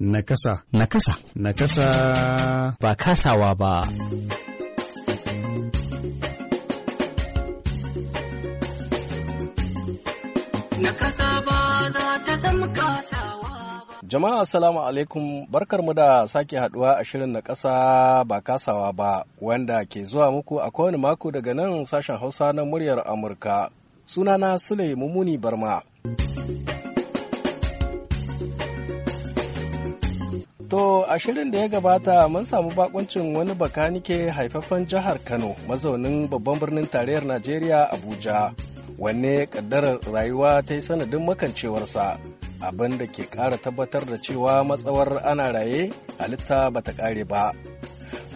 Nakasa. Nakasa. Nakasa. Ba kasawa ba. Nakasa ba za ta zama kasawa ba. Jama'a Assalamu alaikum barkarmu da sake haduwa a shirin na kasa ba kasawa ba wanda ke zuwa muku a kowane mako daga nan sashen Hausa na muryar Amurka. Sunana Sule Mumuni Barma. To a shirin da ya gabata mun samu bakuncin wani bakanike haifaffen jihar Kano mazaunin babban birnin tarayyar Najeriya Abuja wanne kaddarar rayuwa ta yi sanadin makancewarsa abin da ke ƙara tabbatar da cewa matsawar ana raye halitta bata ƙare ba.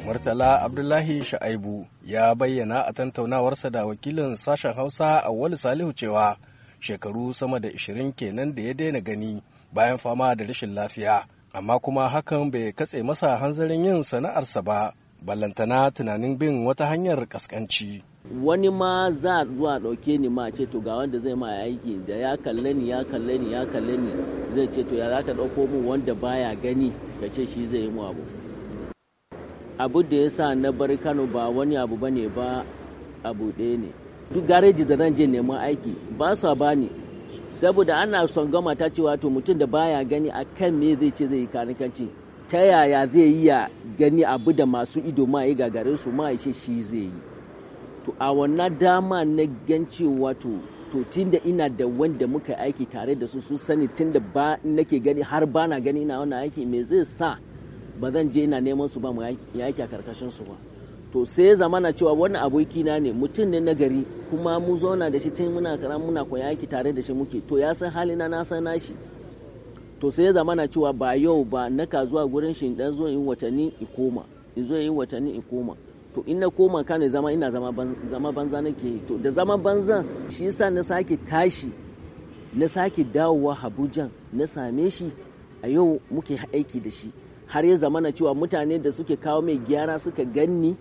Murtala Abdullahi Sha'aibu ya bayyana a tantaunawarsa da wakilin sashen Hausa Auwalu Salihu cewa shekaru sama da ishirin kenan da ya daina gani bayan fama da rashin lafiya. amma kuma hakan bai katse masa hanzarin yin sana'arsa ba ballantana tunanin bin wata hanyar kaskanci wani ma za zuwa ɗauke ni ma ce to ga wanda zai ma aiki da ya kalle ni ya kalle ni ya kalle ni zai ce to ya za ka ɗauko min wanda baya gani ka ce shi zai yi mu abu abu da ya sa na bar kano ba wani abu ba ne ba abu ɗaya ne duk gareji da nan je neman aiki ba su bani saboda ana son gama ta cewa to mutum da baya gani a kan me zai ce zai yi kanikanci ta yaya zai yi ya gani abu da masu ido ma yi gagarin su ma ishe shi zai yi to a wannan dama na gan cewa to to tunda ina da wanda muka aiki tare da su sun sani tunda ba nake gani har ba na gani ina wannan aiki me zai sa ba zan je ina neman su ba mu yaki a karkashin su ba to sai ya zama na cewa aboki abokina ne mutum ne nagari kuma mu zauna da shi tun muna kara muna koya tare da shi muke to ya san halina na san nashi to sai ya zama na cewa ba yau ba na ka zuwa gurin shi dan zo in watanni i koma in zo in watanni in koma to in na koma ka ne zama ina zama ban, zama banza nake to da zama banza shi yasa na sake tashi na sake dawowa Habuja na same shi a yau muke aiki da shi har ya zama na cewa mutane da suke kawo mai gyara suka ganni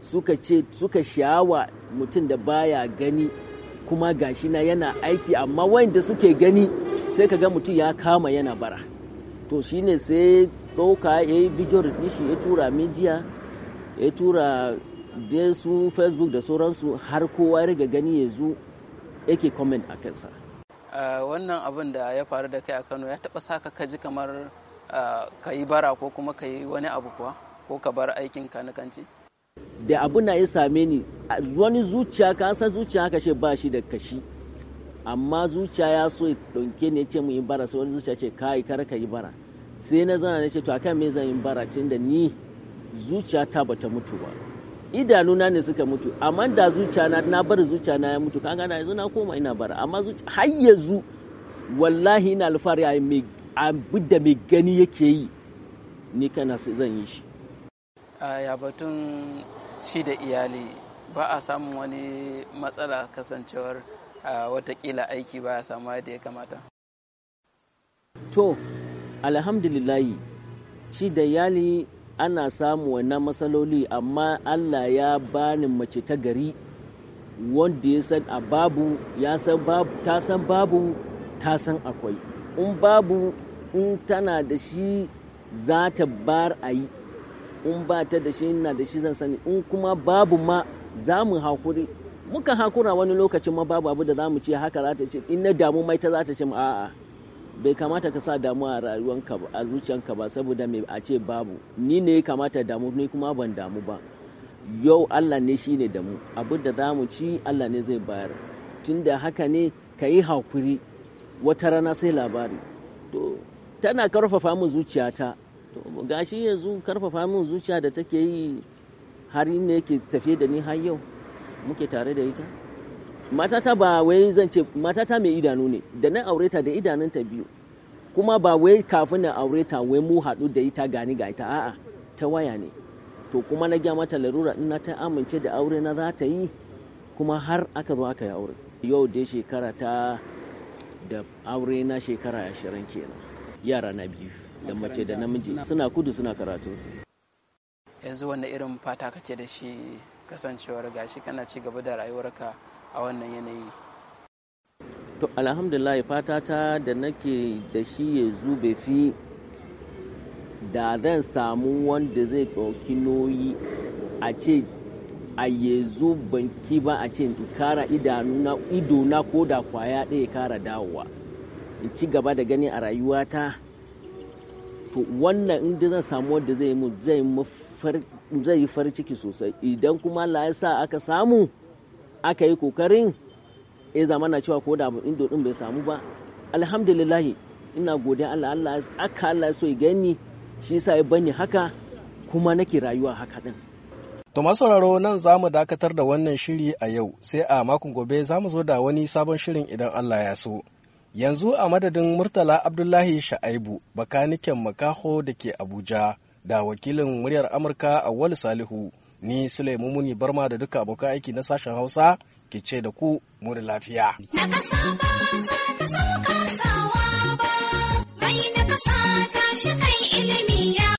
suka ce suka shawa mutum da baya gani kuma gashi na yana aiki amma wanda suke gani sai ka ga mutum ya kama yana bara to shine sai ɗauka ya yi video recognition ya tura media ya tura da su facebook da sauransu har kowa ya riga gani ya zo yake comment a kansa wannan abin da ya faru da kai a kano ya taba saka ka ji kamar ka yi bara ko kuma ka yi wani abu kuwa ko ka bar aikin kanikanci da abu na ya same ni wani zuciya ka san zuciya haka ce ba shi da kashi amma zuciya ya so ɗauke ne ce mu yi bara sai wani zuciya ce kai kar ka yi bara sai na zauna na ce to akan me zan yi bara tun da ni zuciya ta bata mutu ba idanuna ne suka mutu amma da zuciya na na bar zuciya na ya mutu kaga na yanzu na koma ina bara amma zuciya har yanzu wallahi ina alfahari a mai da mai gani yake yi ni kana zan yi shi a batun shi da iyali ba a samun wani matsala kasancewar watakila aiki ba a samu yadda ya kamata to alhamdulillahi shi da iyali ana samu wannan matsaloli amma allah ya bani mace ta gari wanda ya san a babu ya babu ta san babu ta san akwai in babu in tana da shi za ta bar a yi in ba ta da shi ina da shi zan sani in kuma babu ma za mu hakuri muka hakura wani lokacin ma babu abu da za mu ce haka za ta ce in na damu mai ta za ta ce a'a bai kamata ka sa damu a rayuwanka a zuciyanka ba saboda mai a ce babu ni ne kamata damu ni kuma ban damu ba yau Allah ne shi ne damu abu da za mu ci Allah ne zai bayar tunda haka ne ka yi hakuri wata rana sai labari to tana karfafa mu zuciyata gashi yanzu karfafa min zuciya da take yi har ne yake tafiye da ni har yau muke tare da ita matata ba wai zan ce matata mai idanu ne da na aure ta da idanunta biyu kuma ba wai kafin na aure ta wai mu haɗu da ita gani ga ita a'a ta waya ne to kuma na gya mata larura din na ta amince da aure na za ta yi kuma har aka zo aka yi aure yau dai shekara ta da aure na shekara ashirin kenan yara na biyu da mace da namiji suna kudu suna karatunsu yanzu wanda irin fata kake da shi kasancewar gashi kana ci gaba da rayuwarka a wannan yanayi to alhamdulillah fata ta da nake da shi ya zube fi da zan samu wanda zai ɗauki noyi a ce a ya banki ba a ce in kara idona ko da kwaya ɗaya kara dawowa in ci gaba da gani a rayuwata to wannan inda zan samu wanda zai mu zai yi farin ciki sosai idan kuma Allah ya sa aka samu aka yi kokarin ya zama na cewa ko da abu indo din bai samu ba alhamdulillahi ina godiya Allah Allah aka Allah so ya gani shi yasa ya bani haka kuma nake rayuwa haka din To masu sauraro nan za mu dakatar da wannan shiri a yau sai a makon gobe za mu zo da wani sabon shirin idan Allah ya so. Yanzu a madadin Murtala Abdullahi Sha'aibu, bakaniken makaho da ke Abuja, da wakilin muryar Amurka Awal Salihu, ni Sulaimu Muni Barma da duka abokan aiki na sashen Hausa ke ce da ku muri lafiya. ba ta shi ilimi.